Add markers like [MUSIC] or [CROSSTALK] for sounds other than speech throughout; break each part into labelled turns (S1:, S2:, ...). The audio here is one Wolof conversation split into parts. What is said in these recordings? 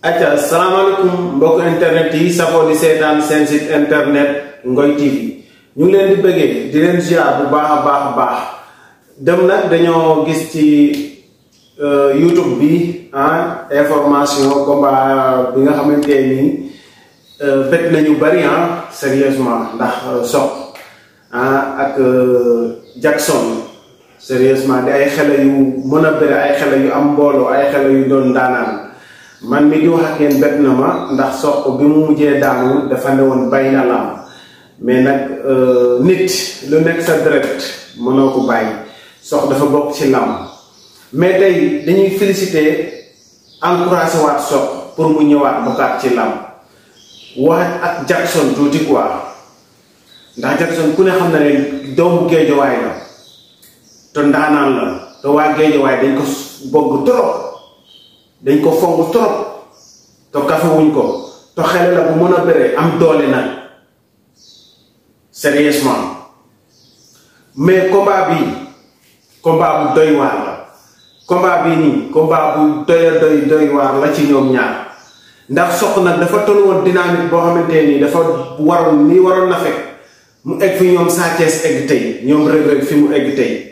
S1: acca salaamaaleykum mbokk internet yi safoo di seetaan seen site internet Ngoy TV ñu ngi leen di bëggee di leen ziar bu baax a baax a baax dem nag dañoo gis ci eh, youtube bi ah information combat bi nga xamante ni bët eh, nañu bari ah sérieusement ndax eh, sox ah ak Jackson sérieusement di ay xele yu mën a bëre ay xele yu am mbooloo ay xele yu doon daanaan man mi di wax ak yeen bet na ma ndax sopp bi mu mujjee daanu dafa ne woon bay na lam mais nag euh, nit lu nekk sa direct mënoo ko bàyyi sox dafa bokk ci lam mais tey dañuy féliciter encouragé waat sox pour mu ñëwaat bokkaat ci lam waat ak jackson tuuti quoi ndax jackson ku ne xam na ne doomu géejawaay la te ndaanaan la te waa dañ ko bogg trop dañ ko fonk trop te kafewuñ ko te xele la bu mën a bëree am doole nag sérieusement mais combat bi combat bu doy waar la combat bi nii combat bu doya doy doy waar la ci ñoom ñaar ndax sox nag dafa tollu woon dynamique boo xamante nii dafa waroon nii waroon na fekk mu egg fi ñoom Sa egg tey ñoom Reug Reug fi mu egg tey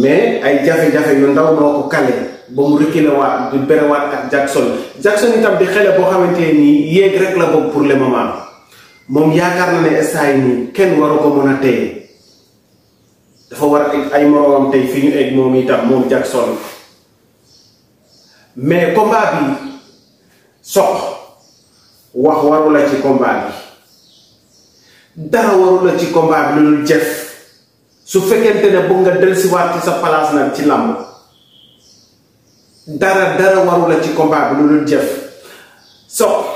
S1: mais ay jafe-jafe yu ndaw moo ko kale ba mu reculer waat berewaat ak Jackson Jackson itam di xele boo xamante nii yéeg rek la boog pour le moom yaakaar na ne instant nii kenn waru ko mën a téye dafa war ay moroomam tey fi ñu egg moom itam moom Jackson mais combat bi sox wax waru ci combat bi dara waru ci combat bi lu dul jëf su fekkente ne bëgg nga dellusiwaat ci sa place nag ci làmb dara dara waru la ci combat bi lu dul jëf Sokh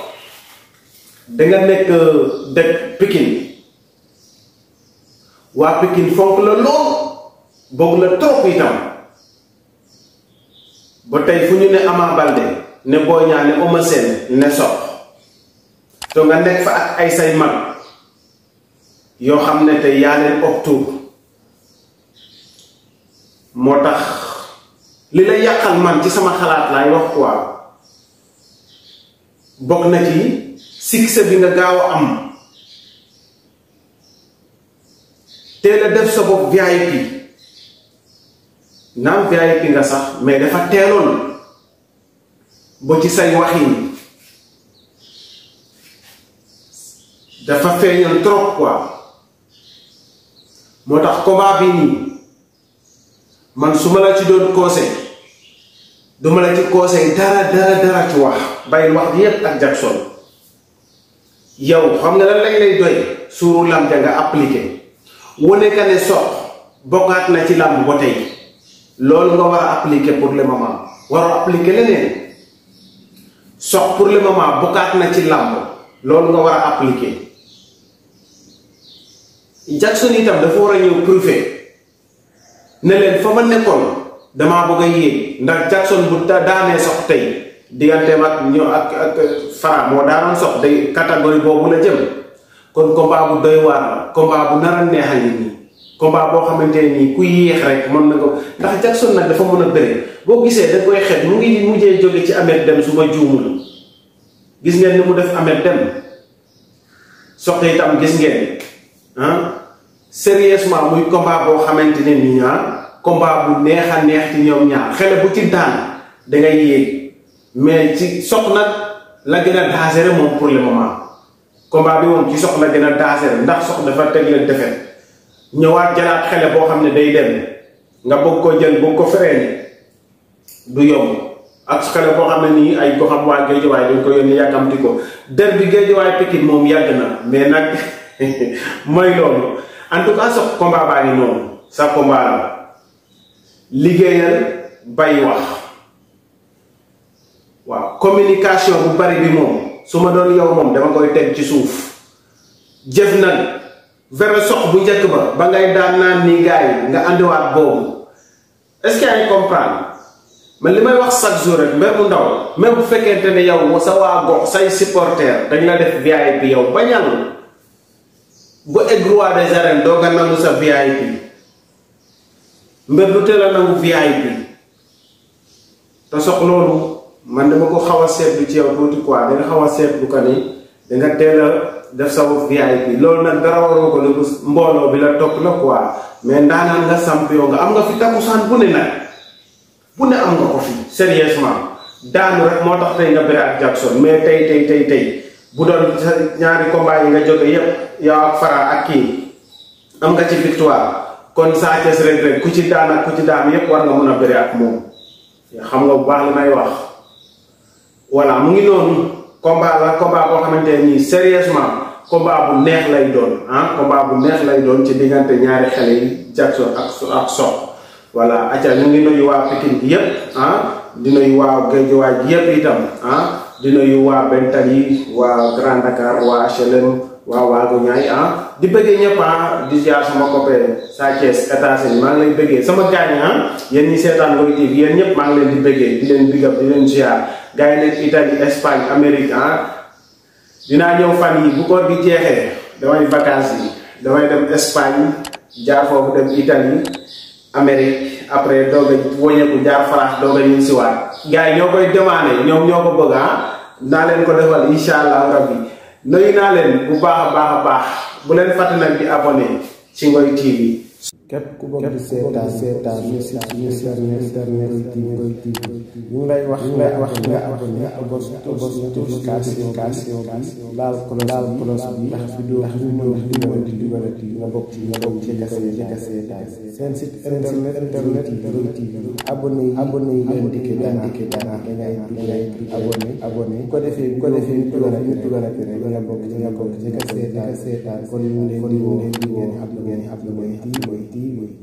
S1: danga nekk euh, dëkk Pikine waa Pikine fonk la lool bëgg la trop itam ba tey fu ñu ne Ama Baldé ne Boy Niang ne ne Sokh te nga nekk fa ak ay say mag yoo xam ne te yaa leen octobre moo tax li lay yàqal man ci sama xalaat laay wax quoi bokk na ci succès bi nga gaaw a am teel a def sa bopp VIP naam VIP nga sax mais dafa teeloon ba ci say waxin dafa feeñal trop quoi moo tax kobaa bi nii man su ma la ci doon conseil duma la ci conseil dara dara dara ci wax bàyyil wax ji yépp ak Jackson yow xam nga la lañ lay doy suuru làmb ja nga appliqué wane ka ne sox bokkaat na ci làmb ba tey loolu nga war a appliqué pour le moment waroo appliqué leneen sox pour le moment bokkaat na ci làmb loolu nga war a appliqué Jackson itam dafa war a ñëw prouvé ne leen fa ma nekkoon dama bëgg yi ndax Jackson bu daanee sox tey digganteem mak ñoo ak ak Fara mo daanoon sox day catégorie boobu la jëm kon combat bu doy waar combat bu nara neexal yi nii combat boo xamante ku yéex rek mën na ko ndax Jackson nag dafa mën a bëre boo gisee da koy xet mu ngi mujjee jóge ci Ahmed Dem su ma juumul gis ngeen ni mu def Ahmed Dem sox itam gis ngeen ah sérieusement muy combat boo xamante ni nii ah, combat bu neexa neex ci ñoom ñaar xele bu ci daan da ngay yéeg mais ci soxna la gën a daasere moom pour le moment combat bi moom ci soxna gën a daasere ndax soxna dafa teg leen defet ñëwaat jalaat xele boo xam ne day dem nga bëgg ko jël bëgg ko fereene du yomb ak xele boo xam ne nii ay ko xam waa géejuwaay dañ ko yónni di ko der bi géejuwaay pikin moom yàgg na mais nag [LAUGHS] mooy loolu en tout cas sox combat baa ngi noonu sa combat la liggéeyal bay wax waaw communication bu bari bi moom su ma doon yow moom dama koy teg ci suuf jëf nag vero sox bu njëkk ba ba ngay daan naan ni gars nga àndiwaat boobu est-ce que ay comprendre man li may wax chaque jour rek mbir mu ndaw même bu fekkente ne yow sa waa gox say supporter dañ la def VIP yow bañal bu egg roi des arènes doo nga nangu sa VIP mbër lu teel a nangu VIP te sox loolu man dama ko xaw a seetlu ci yow tuuti quoi danga xaw a seetlu ko ni danga teel a def sa bopp VIP loolu nag dara waroo ko lu mbooloo bi la topp la quoi mais ndaanaan nga champion nga am nga fi takusaan bu ne nag bu ne am nga ko fi sérieusement daanu rek moo tax tey nga Biraat Jackson mais tey tey tey tey bu doon sa ñaari combat yi nga jóge yépp yow ak Fara ak kii am nga ci victoire kon Sa Thiès Reug Reug ku ci daan ak ku ci daan yépp war nga mën a bëre ak moom xam nga bu baax nay may wax voilà mu ngi noonu combat la combat boo xamante nii sérieusement combat bu neex lay doon ah combat lay doon ci diggante ñaari xale yi Jackson ak ak Sokh voilà acca ñu ngi nuyu waa Pikine bi yépp ah di nuyu waa Guédiawaye yépp itam ah di nuyu waa Bentali waa Grand Dakar waa HLM waaw waaw ko ñaay ah di bëggee ñëpp ah di ziar sama copé sa Thiès États-Unis maa ngi leen bëggee sama gaañ ah yéen ñi seetaan Ngoy TV yéen ñëpp maa ngi leen di bëggee di leen big up di leen ziar gars yi nekk Italie Espagne Amérique ah dinaa ñëw fan yi bu koor gi jeexee damay vacances yi damay dem Espagne jaar foofu dem Italie Amérique après doog a wóñeeku jaar France doog a ñu siwaat gars yi ñoo koy demandé ñoom ñoo ko bëgg ah naa leen ko defal incha allah rabbi nuyu naa leen bu baax a baax a baax bu leen fàtte nag di abonné ci Ngoy yi képp ku bëgg di seetaan seetaan ñu si ñu si ñu internet di koy di ñu ngi lay wax lay wax nga abonné bos bos notification bi laal ko laal cloche bi ndax vidéo bi ñu wax di bu ko defee bu ko defee ñu dugalati ñu dugalati nga bokk ci nga bokk ci kase taay kon ñu leen di woo ngeen ab ngeen ab ngeen di 因为。